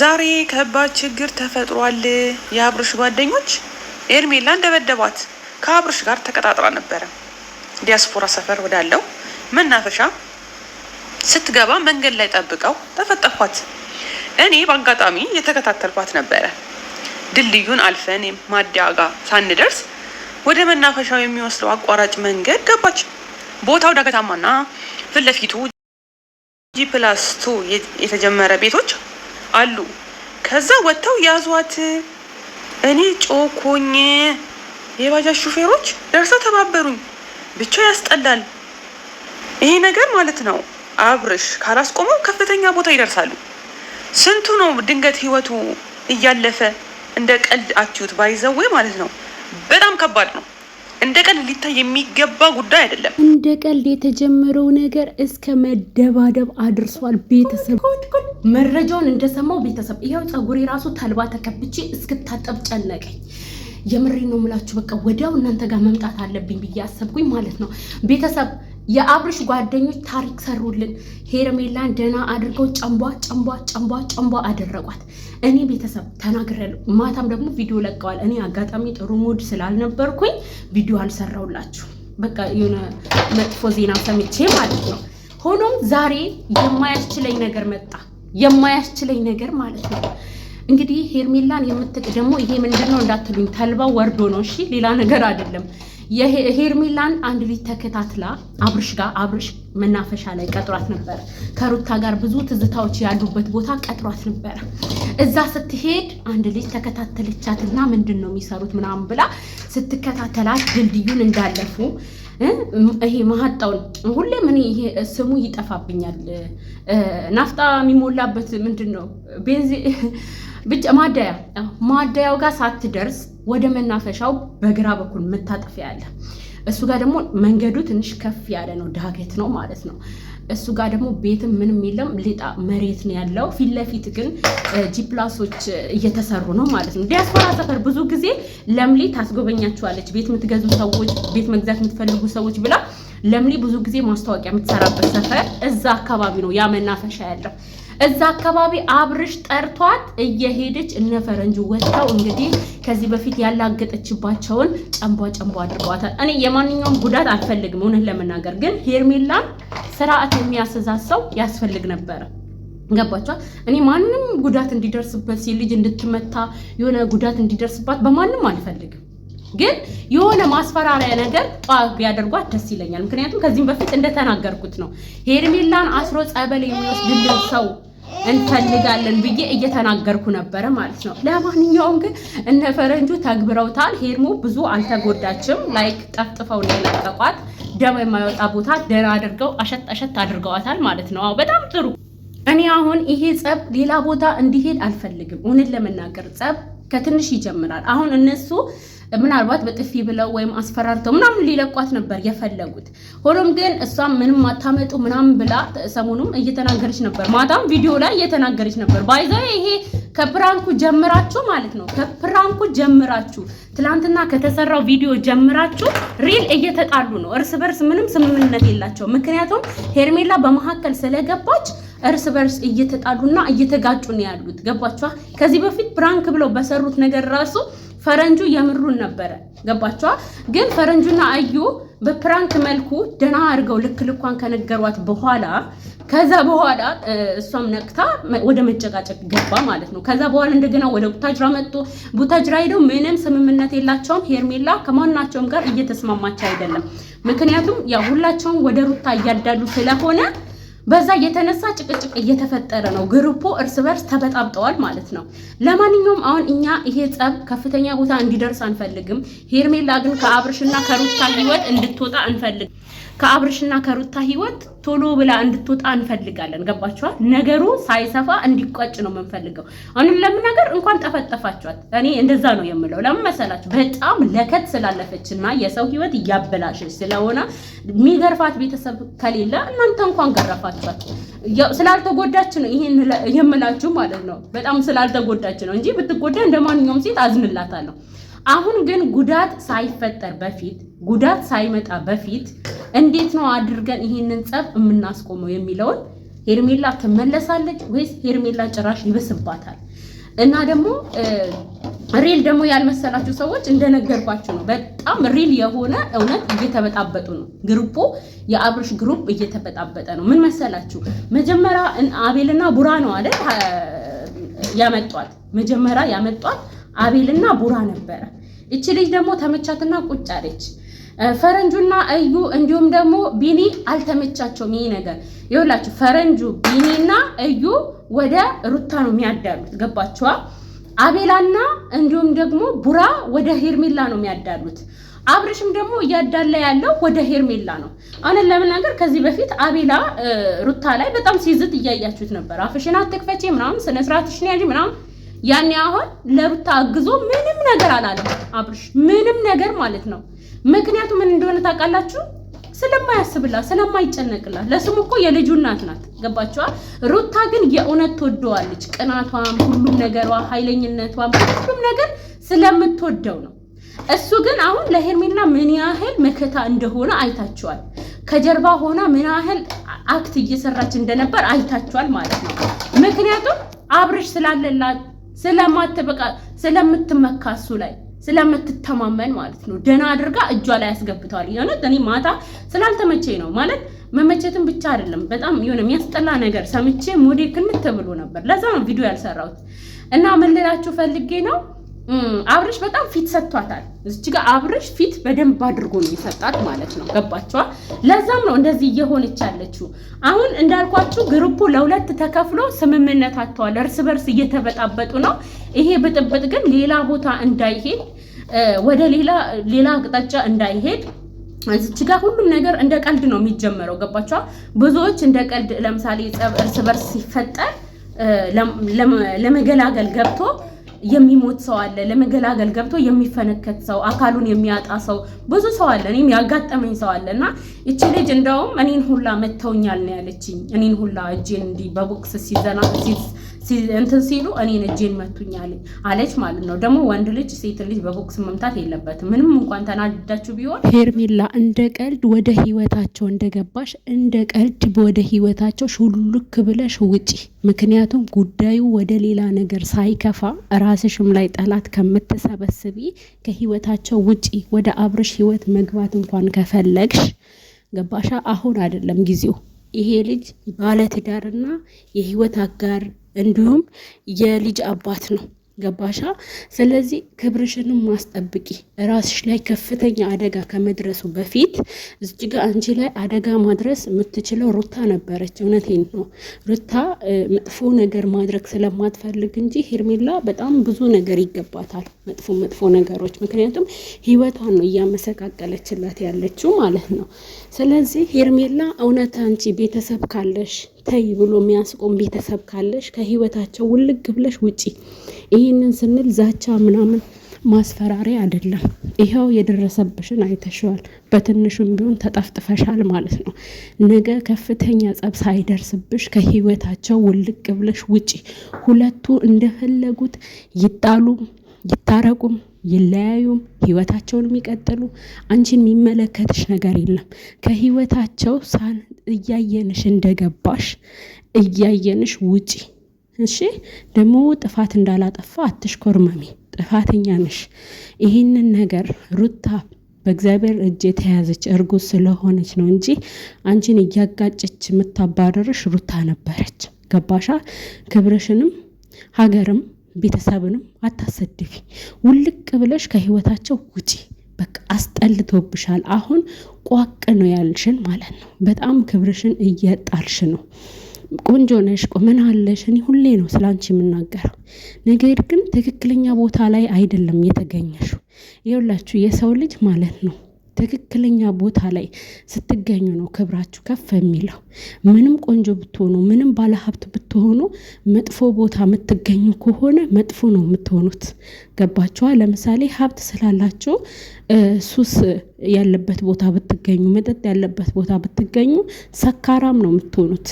ዛሬ ከባድ ችግር ተፈጥሯል። የአብርሽ ጓደኞች ኤርሜላን ደበደቧት። ከአብርሽ ጋር ተቀጣጥራ ነበረ። ዲያስፖራ ሰፈር ወዳለው መናፈሻ ስትገባ መንገድ ላይ ጠብቀው ተፈጠኳት። እኔ በአጋጣሚ የተከታተልኳት ነበረ። ድልድዩን አልፈን ማዲያ ጋር ሳንደርስ ወደ መናፈሻው የሚወስደው አቋራጭ መንገድ ገባች። ቦታው ዳገታማና ፊት ለፊቱ ጂ ፕላስ ቱ የተጀመረ ቤቶች አሉ። ከዛ ወጥተው ያዟት። እኔ ጮኮኝ የባጃጅ ሹፌሮች ደርሰው ተባበሩኝ። ብቻ ያስጠላል ይሄ ነገር ማለት ነው። አብርሽ ካላስቆመው ከፍተኛ ቦታ ይደርሳሉ። ስንቱ ነው ድንገት ህይወቱ እያለፈ እንደ ቀልድ አትዩት ባይዘዌ ማለት ነው። በጣም ከባድ ነው። እንደ ቀልድ ሊታይ የሚገባ ጉዳይ አይደለም። እንደ ቀልድ የተጀመረው ነገር እስከ መደባደብ አድርሷል። ቤተሰብ መረጃውን እንደሰማው ቤተሰብ ይኸው ፀጉሬ የራሱ ተልባ ተከብቼ እስክታጠብ ጨነቀኝ። የምሬ ነው ምላችሁ። በቃ ወዲያው እናንተ ጋር መምጣት አለብኝ ብዬ አሰብኩኝ ማለት ነው ቤተሰብ የአብርሽ ጓደኞች ታሪክ ሰሩልን። ሄርሜላን ደህና አድርገው ጨንቧ ጨንቧ ጨንቧ ጨንቧ አደረጓት። እኔ ቤተሰብ ተናግሬያለሁ። ማታም ደግሞ ቪዲዮ ለቀዋል። እኔ አጋጣሚ ጥሩ ሙድ ስላልነበርኩኝ ቪዲዮ አልሰራውላችሁ። በቃ የሆነ መጥፎ ዜና ሰምቼ ማለት ነው። ሆኖም ዛሬ የማያስችለኝ ነገር መጣ። የማያስችለኝ ነገር ማለት ነው እንግዲህ ሄርሜላን የምትቅ ደግሞ ይሄ ምንድን ነው እንዳትሉኝ፣ ተልባው ወርዶ ነው። እሺ ሌላ ነገር አይደለም። የሄርሜላን አንድ ልጅ ተከታትላ አብርሽ ጋር አብርሽ መናፈሻ ላይ ቀጥሯት ነበረ። ከሩታ ጋር ብዙ ትዝታዎች ያሉበት ቦታ ቀጥሯት ነበረ። እዛ ስትሄድ አንድ ልጅ ተከታተለቻትና ምንድን ነው የሚሰሩት ምናምን ብላ ስትከታተላት ድልድዩን እንዳለፉ ይሄ ማህጣውን ሁሌም እኔ ይሄ ስሙ ይጠፋብኛል። ናፍጣ የሚሞላበት ምንድን ነው ቤንዚ ብቻ ማደያ ማደያው ጋር ሳትደርስ ወደ መናፈሻው በግራ በኩል መታጠፊያ ያለ እሱ ጋር ደግሞ መንገዱ ትንሽ ከፍ ያለ ነው፣ ዳገት ነው ማለት ነው። እሱ ጋር ደግሞ ቤትም ምንም የለም፣ ሌጣ መሬት ነው ያለው። ፊት ለፊት ግን ጂፕላሶች እየተሰሩ ነው ማለት ነው። ዲያስፖራ ሰፈር ብዙ ጊዜ ለምሌ ታስጎበኛችኋለች። ቤት የምትገዙ ሰዎች፣ ቤት መግዛት የምትፈልጉ ሰዎች ብላ ለምሌ ብዙ ጊዜ ማስታወቂያ የምትሰራበት ሰፈር እዛ አካባቢ ነው ያ መናፈሻ ያለው። እዛ አካባቢ አብርሽ ጠርቷት እየሄደች እነ ፈረንጁ ወጥተው እንግዲህ ከዚህ በፊት ያላገጠችባቸውን ጨንቧ ጨንቧ አድርገዋታል። እኔ የማንኛውም ጉዳት አልፈልግም፣ እውነት ለመናገር ግን ሄርሜላን ስርዓት የሚያስዛ ሰው ያስፈልግ ነበረ። ገባችኋል? እኔ ማንም ጉዳት እንዲደርስበት ሲል ልጅ እንድትመታ የሆነ ጉዳት እንዲደርስባት በማንም አልፈልግም ግን የሆነ ማስፈራሪያ ነገር ቢያደርጓት ደስ ይለኛል። ምክንያቱም ከዚህም በፊት እንደተናገርኩት ነው ሄርሜላን አስሮ ጸበል የሚወስድልን ሰው እንፈልጋለን ብዬ እየተናገርኩ ነበረ ማለት ነው። ለማንኛውም ግን እነ ፈረንጁ ተግብረውታል። ሄርሞ ብዙ አልተጎዳችም። ላይክ ጠፍጥፈው ነው የለቀቋት። ደም የማይወጣ ቦታ ደህና አድርገው አሸት አሸት አድርገዋታል ማለት ነው። በጣም ጥሩ። እኔ አሁን ይሄ ጸብ ሌላ ቦታ እንዲሄድ አልፈልግም። እውነት ለመናገር ጸብ ከትንሽ ይጀምራል። አሁን እነሱ ምናልባት በጥፊ ብለው ወይም አስፈራርተው ምናምን ሊለቋት ነበር የፈለጉት። ሆኖም ግን እሷም ምንም አታመጡ ምናምን ብላ ሰሞኑም እየተናገረች ነበር፣ ማታም ቪዲዮ ላይ እየተናገረች ነበር። ባይዘ ይሄ ከፕራንኩ ጀምራችሁ ማለት ነው፣ ከፕራንኩ ጀምራችሁ ትናንትና ከተሰራው ቪዲዮ ጀምራችሁ ሪል እየተጣሉ ነው። እርስ በርስ ምንም ስምምነት የላቸው። ምክንያቱም ሄርሜላ በመካከል ስለገባች እርስ በርስ እየተጣሉና እየተጋጩ ነው ያሉት። ገባችኋ? ከዚህ በፊት ፕራንክ ብለው በሰሩት ነገር ራሱ ፈረንጁ የምሩን ነበረ። ገባቸዋል ግን ፈረንጁና አዩ በፕራንክ መልኩ ደና አድርገው ልክ ልኳን ከነገሯት በኋላ ከዛ በኋላ እሷም ነቅታ ወደ መጨቃጨቅ ገባ ማለት ነው። ከዛ በኋላ እንደገና ወደ ቡታጅራ መጡ። ቡታጅራ ሄደው ምንም ስምምነት የላቸውም። ሄርሜላ ከማናቸውም ጋር እየተስማማች አይደለም። ምክንያቱም ያ ሁላቸውም ወደ ሩታ እያዳሉ ስለሆነ በዛ የተነሳ ጭቅጭቅ እየተፈጠረ ነው። ግሩፖ እርስ በርስ ተበጣብጠዋል ማለት ነው። ለማንኛውም አሁን እኛ ይሄ ጸብ ከፍተኛ ቦታ እንዲደርስ አንፈልግም። ሄርሜላ ግን ከአብርሽና ከሩታ ህይወት እንድትወጣ አንፈልግም። ከአብርሽና ከሩታ ህይወት ቶሎ ብላ እንድትወጣ እንፈልጋለን። ገባችኋል? ነገሩ ሳይሰፋ እንዲቋጭ ነው የምንፈልገው። አሁንም ለምን ነገር እንኳን ጠፈጠፋችኋት። እኔ እንደዛ ነው የምለው። ለምን መሰላችሁ? በጣም ለከት ስላለፈችና የሰው ህይወት እያበላሸች ስለሆነ የሚገርፋት ቤተሰብ ከሌለ እናንተ እንኳን ገረፋችኋት። ስላልተጎዳች ነው ይህን የምላችሁ ማለት ነው። በጣም ስላልተጎዳች ነው እንጂ ብትጎዳ እንደ ማንኛውም ሴት አዝንላታለሁ። አሁን ግን ጉዳት ሳይፈጠር በፊት ጉዳት ሳይመጣ በፊት እንዴት ነው አድርገን ይህንን ጸብ የምናስቆመው የሚለውን ሄርሜላ ትመለሳለች ወይስ ሄርሜላ ጭራሽ ይበስባታል? እና ደግሞ ሪል ደግሞ ያልመሰላችሁ ሰዎች እንደነገርኳችሁ ነው። በጣም ሪል የሆነ እውነት እየተበጣበጡ ነው። ግሩፖ የአብርሽ ግሩፕ እየተበጣበጠ ነው። ምን መሰላችሁ? መጀመሪያ አቤልና ቡራ ነው አይደል ያመጧት። መጀመሪያ ያመጧት አቤልና ቡራ ነበረ። እቺ ልጅ ደግሞ ተመቻትና ቁጭ አለች። ፈረንጁና እዩ እንዲሁም ደግሞ ቢኒ አልተመቻቸውም። ይህ ነገር ይኸውላችሁ፣ ፈረንጁ ቢኒና እዩ ወደ ሩታ ነው የሚያዳሉት። ገባችኋ? አቤላና እንዲሁም ደግሞ ቡራ ወደ ሄርሜላ ነው የሚያዳሉት። አብርሽም ደግሞ እያዳላ ያለው ወደ ሄርሜላ ነው። አሁንን ለመናገር ከዚህ በፊት አቤላ ሩታ ላይ በጣም ሲዝት እያያችሁት ነበር። አፍሽን አትክፈቼ ምናምን ስነስርዓትሽን ያዥ ምናምን ያኔ አሁን ለሩታ አግዞ ምንም ነገር አላለም አብርሽ፣ ምንም ነገር ማለት ነው። ምክንያቱ ምን እንደሆነ ታውቃላችሁ? ስለማያስብላት ስለማይጨነቅላት። ለስሙ እኮ የልጁ እናት ናት። ገባችኋ? ሩታ ግን የእውነት ትወደዋለች። ቅናቷም፣ ሁሉም ነገሯ፣ ኃይለኝነቷም ሁሉም ነገር ስለምትወደው ነው። እሱ ግን አሁን ለሄርሜላ ምን ያህል መከታ እንደሆነ አይታችኋል። ከጀርባ ሆና ምን ያህል አክት እየሰራች እንደነበር አይታችኋል ማለት ነው። ምክንያቱም አብርሽ ስላለላት ስለማትበቃ ስለምትመካ እሱ ላይ ስለምትተማመን ማለት ነው። ደህና አድርጋ እጇ ላይ ያስገብተዋል። የእውነት እኔ ማታ ስላልተመቼ ነው ማለት መመቸትን ብቻ አይደለም፣ በጣም የሆነ የሚያስጠላ ነገር ሰምቼ ሙዴ ክንት ብሎ ነበር። ለዛ ነው ቪዲዮ ያልሰራሁት እና ምን ልላችሁ ፈልጌ ነው አብርሽ በጣም ፊት ሰጥቷታል። እዚች ጋር አብርሽ ፊት በደንብ አድርጎ ነው የሰጣት ማለት ነው። ገባቸዋል። ለዛም ነው እንደዚህ እየሆነች ያለችው። አሁን እንዳልኳችሁ ግሩፑ ለሁለት ተከፍሎ ስምምነት አጥተዋል። እርስ በርስ እየተበጣበጡ ነው። ይሄ ብጥብጥ ግን ሌላ ቦታ እንዳይሄድ ወደ ሌላ ሌላ አቅጣጫ እንዳይሄድ እዚች ጋር ሁሉም ነገር እንደ ቀልድ ነው የሚጀመረው። ገባቸዋል። ብዙዎች እንደ ቀልድ ለምሳሌ ጸብ እርስ በርስ ሲፈጠር ለመገላገል ገብቶ የሚሞት ሰው አለ፣ ለመገላገል ገብቶ የሚፈነከት ሰው፣ አካሉን የሚያጣ ሰው ብዙ ሰው አለ። እኔም ያጋጠመኝ ሰው አለ እና እቺ ልጅ እንደውም እኔን ሁላ መተውኛል ነው ያለችኝ። እኔን ሁላ እጄን እንዲህ በቦክስ ሲዘና እንትን ሲሉ እኔ እጄን መቱኛል አለች ማለት ነው። ደግሞ ወንድ ልጅ ሴት ልጅ በቦክስ መምታት የለበትም። ምንም እንኳን ተናዳችሁ ቢሆን ሄርሜላ እንደ ቀልድ ወደ ህይወታቸው እንደገባሽ እንደ ቀልድ ወደ ህይወታቸው ሹልክ ብለሽ ውጪ። ምክንያቱም ጉዳዩ ወደ ሌላ ነገር ሳይከፋ ራስሽም ላይ ጠላት ከምትሰበስቢ ከህይወታቸው ውጪ ወደ አብርሽ ህይወት መግባት እንኳን ከፈለግሽ ገባሻ? አሁን አይደለም ጊዜው። ይሄ ልጅ ባለትዳርና የህይወት አጋር እንዲሁም የልጅ አባት ነው። ገባሻ? ስለዚህ ክብርሽንም ማስጠብቂ ራስሽ ላይ ከፍተኛ አደጋ ከመድረሱ በፊት እዚህ ጋር አንቺ ላይ አደጋ ማድረስ የምትችለው ሩታ ነበረች። እውነቴን ነው። ሩታ መጥፎ ነገር ማድረግ ስለማትፈልግ እንጂ ሄርሜላ በጣም ብዙ ነገር ይገባታል፣ መጥፎ መጥፎ ነገሮች። ምክንያቱም ህይወቷን ነው እያመሰቃቀለችላት ያለችው ማለት ነው። ስለዚህ ሄርሜላ እውነት አንቺ ቤተሰብ ካለሽ ተይ ብሎ የሚያስቆም ቤተሰብ ካለሽ ከህይወታቸው ውልግ ብለሽ ውጪ። ይህንን ስንል ዛቻ ምናምን ማስፈራሪ አይደለም። ይኸው የደረሰብሽን አይተሽዋል። በትንሹም ቢሆን ተጠፍጥፈሻል ማለት ነው። ነገ ከፍተኛ ጸብ ሳይደርስብሽ ከህይወታቸው ውልቅ ብለሽ ውጪ። ሁለቱ እንደፈለጉት ይጣሉም ይታረቁም ይለያዩም ህይወታቸውን የሚቀጥሉ አንቺን የሚመለከትሽ ነገር የለም። ከህይወታቸው ሳን እያየንሽ እንደገባሽ እያየንሽ ውጪ። እሺ ደግሞ ጥፋት እንዳላጠፋ አትሽኮርመሚ ጥፋተኛ ነሽ። ይህንን ነገር ሩታ በእግዚአብሔር እጅ የተያዘች እርጉዝ ስለሆነች ነው እንጂ አንቺን እያጋጨች የምታባረርሽ ሩታ ነበረች። ገባሻ? ክብርሽንም ሀገርም ቤተሰብንም አታሰድፊ። ውልቅ ብለሽ ከህይወታቸው ውጪ። በቃ አስጠልቶብሻል። አሁን ቋቅ ነው ያልሽን ማለት ነው። በጣም ክብርሽን እየጣልሽ ነው። ቆንጆ ነሽ፣ ቁመና አለሽ፣ እኔ ሁሌ ነው ስለ አንቺ የምናገረው። ነገር ግን ትክክለኛ ቦታ ላይ አይደለም የተገኘሽው። ይኸውላችሁ የሰው ልጅ ማለት ነው ትክክለኛ ቦታ ላይ ስትገኙ ነው ክብራችሁ ከፍ የሚለው። ምንም ቆንጆ ብትሆኑ፣ ምንም ባለሀብት ብትሆኑ መጥፎ ቦታ የምትገኙ ከሆነ መጥፎ ነው የምትሆኑት። ገባችኋ? ለምሳሌ ሀብት ስላላችሁ ሱስ ያለበት ቦታ ብትገኙ፣ መጠጥ ያለበት ቦታ ብትገኙ ሰካራም ነው የምትሆኑት።